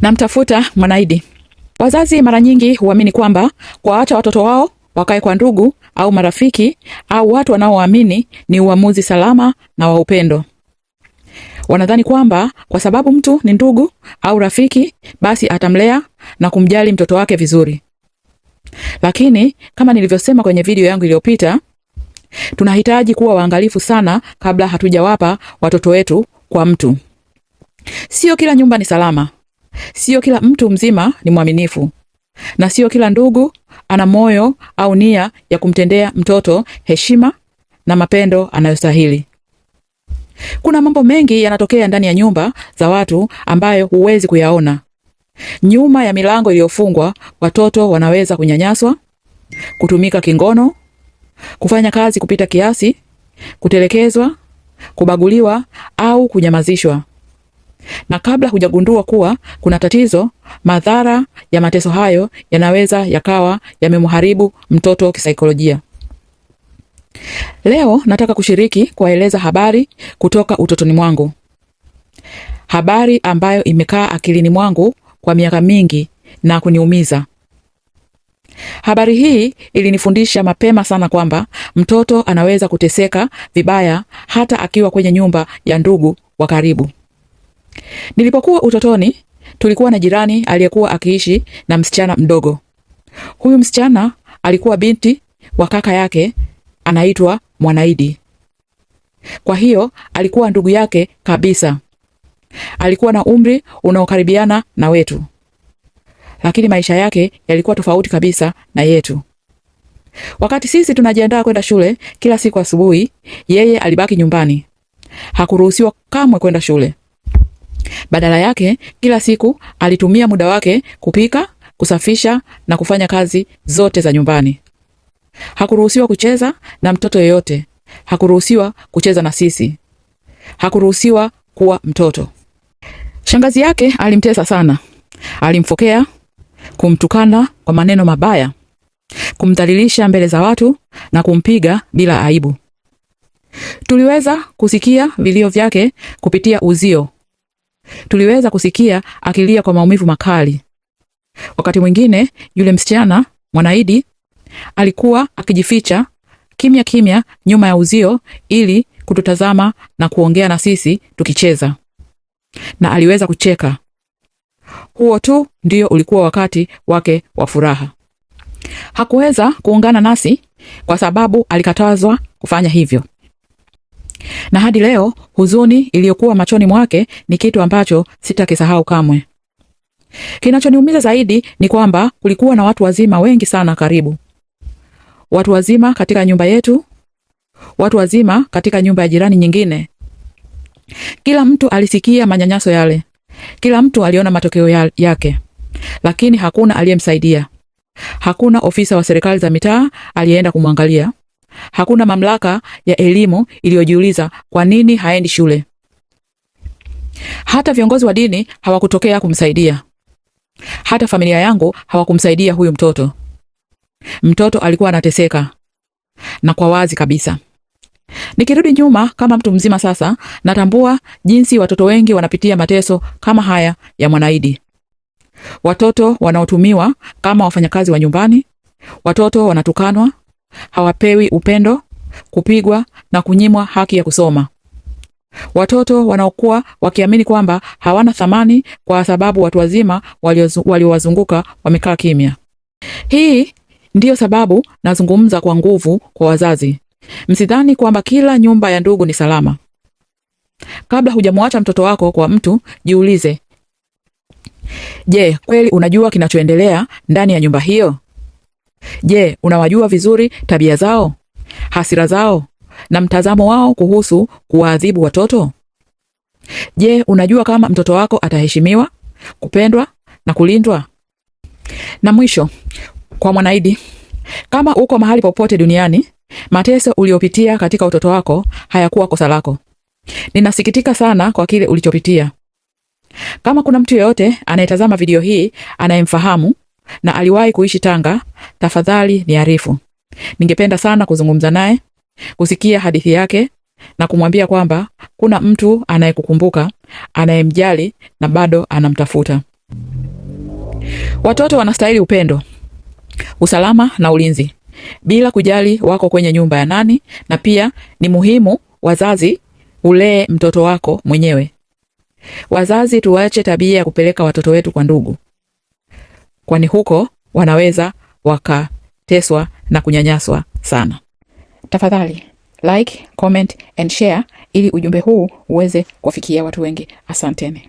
Namtafuta Mwanaidi. Wazazi mara nyingi huamini kwamba kuwaacha watoto wao wakae kwa ndugu au marafiki au watu wanaowaamini ni uamuzi salama na wa upendo. Wanadhani kwamba kwa sababu mtu ni ndugu au rafiki, basi atamlea na kumjali mtoto wake vizuri. Lakini kama nilivyosema kwenye video yangu iliyopita, tunahitaji kuwa waangalifu sana kabla hatujawapa watoto wetu kwa mtu. Sio kila nyumba ni salama. Sio kila mtu mzima ni mwaminifu, na sio kila ndugu ana moyo au nia ya kumtendea mtoto heshima na mapendo anayostahili. Kuna mambo mengi yanatokea ndani ya nyumba za watu ambayo huwezi kuyaona. Nyuma ya milango iliyofungwa, watoto wanaweza kunyanyaswa, kutumika kingono, kufanya kazi kupita kiasi, kutelekezwa, kubaguliwa au kunyamazishwa na kabla hujagundua kuwa kuna tatizo, madhara ya mateso hayo yanaweza yakawa yamemharibu mtoto kisaikolojia. Leo nataka kushiriki kuwaeleza habari kutoka utotoni mwangu, habari ambayo imekaa akilini mwangu kwa miaka mingi na kuniumiza. Habari hii ilinifundisha mapema sana kwamba mtoto anaweza kuteseka vibaya hata akiwa kwenye nyumba ya ndugu wa karibu. Nilipokuwa utotoni, tulikuwa na jirani aliyekuwa akiishi na msichana mdogo. Huyu msichana alikuwa binti wa kaka yake anaitwa Mwanaidi. Kwa hiyo alikuwa ndugu yake kabisa. Alikuwa na umri unaokaribiana na wetu, lakini maisha yake yalikuwa tofauti kabisa na yetu. Wakati sisi tunajiandaa kwenda shule kila siku asubuhi, yeye alibaki nyumbani. Hakuruhusiwa kamwe kwenda shule. Badala yake kila siku alitumia muda wake kupika, kusafisha na kufanya kazi zote za nyumbani. Hakuruhusiwa kucheza na mtoto yeyote, hakuruhusiwa kucheza na sisi, hakuruhusiwa kuwa mtoto. Shangazi yake alimtesa sana, alimfokea, kumtukana kwa maneno mabaya, kumdhalilisha mbele za watu na kumpiga bila aibu. Tuliweza kusikia vilio vyake kupitia uzio Tuliweza kusikia akilia kwa maumivu makali. Wakati mwingine yule msichana Mwanaidi alikuwa akijificha kimya kimya nyuma ya uzio ili kututazama na kuongea na sisi tukicheza, na aliweza kucheka. Huo tu ndio ulikuwa wakati wake wa furaha. Hakuweza kuungana nasi kwa sababu alikatazwa kufanya hivyo na hadi leo huzuni iliyokuwa machoni mwake ni kitu ambacho sitakisahau kamwe. Kinachoniumiza zaidi ni kwamba kulikuwa na watu wazima wengi sana karibu, watu wazima katika nyumba yetu, watu wazima katika nyumba ya jirani nyingine. Kila mtu alisikia manyanyaso yale, kila mtu aliona matokeo yake, lakini hakuna aliyemsaidia. Hakuna ofisa wa serikali za mitaa aliyeenda kumwangalia, Hakuna mamlaka ya elimu iliyojiuliza kwa nini haendi shule. Hata viongozi wa dini hawakutokea kumsaidia. Hata familia yangu hawakumsaidia huyu mtoto. Mtoto alikuwa anateseka, na kwa wazi kabisa. Nikirudi nyuma kama mtu mzima sasa, natambua jinsi watoto wengi wanapitia mateso kama haya ya Mwanaidi. Watoto wanaotumiwa kama wafanyakazi wa nyumbani, watoto wanatukanwa, hawapewi upendo, kupigwa na kunyimwa haki ya kusoma. Watoto wanaokuwa wakiamini kwamba hawana thamani kwa sababu watu wazima waliowazunguka wamekaa kimya. Hii ndiyo sababu nazungumza kwa nguvu kwa wazazi. Msidhani kwamba kila nyumba ya ndugu ni salama. Kabla hujamwacha mtoto wako kwa mtu, jiulize, je, kweli unajua kinachoendelea ndani ya nyumba hiyo? Je, unawajua vizuri tabia zao, hasira zao na mtazamo wao kuhusu kuwaadhibu watoto? Je, unajua kama mtoto wako ataheshimiwa, kupendwa na kulindwa? Na mwisho, kwa Mwanaidi, kama uko mahali popote duniani, mateso uliopitia katika utoto wako hayakuwa kosa lako. Ninasikitika sana kwa kile ulichopitia. Kama kuna mtu yeyote anayetazama video hii anayemfahamu na aliwahi kuishi Tanga. Tafadhali niarifu. Ningependa sana kuzungumza naye, kusikia hadithi yake na kumwambia kwamba kuna mtu anayekukumbuka, anayemjali na bado anamtafuta. Watoto wanastahili upendo, usalama na ulinzi bila kujali wako kwenye nyumba ya nani, na pia ni muhimu wazazi ulee mtoto wako mwenyewe. Wazazi tuache tabia ya kupeleka watoto wetu kwa ndugu kwani huko wanaweza wakateswa na kunyanyaswa sana. Tafadhali like, comment and share ili ujumbe huu uweze kuwafikia watu wengi. Asanteni.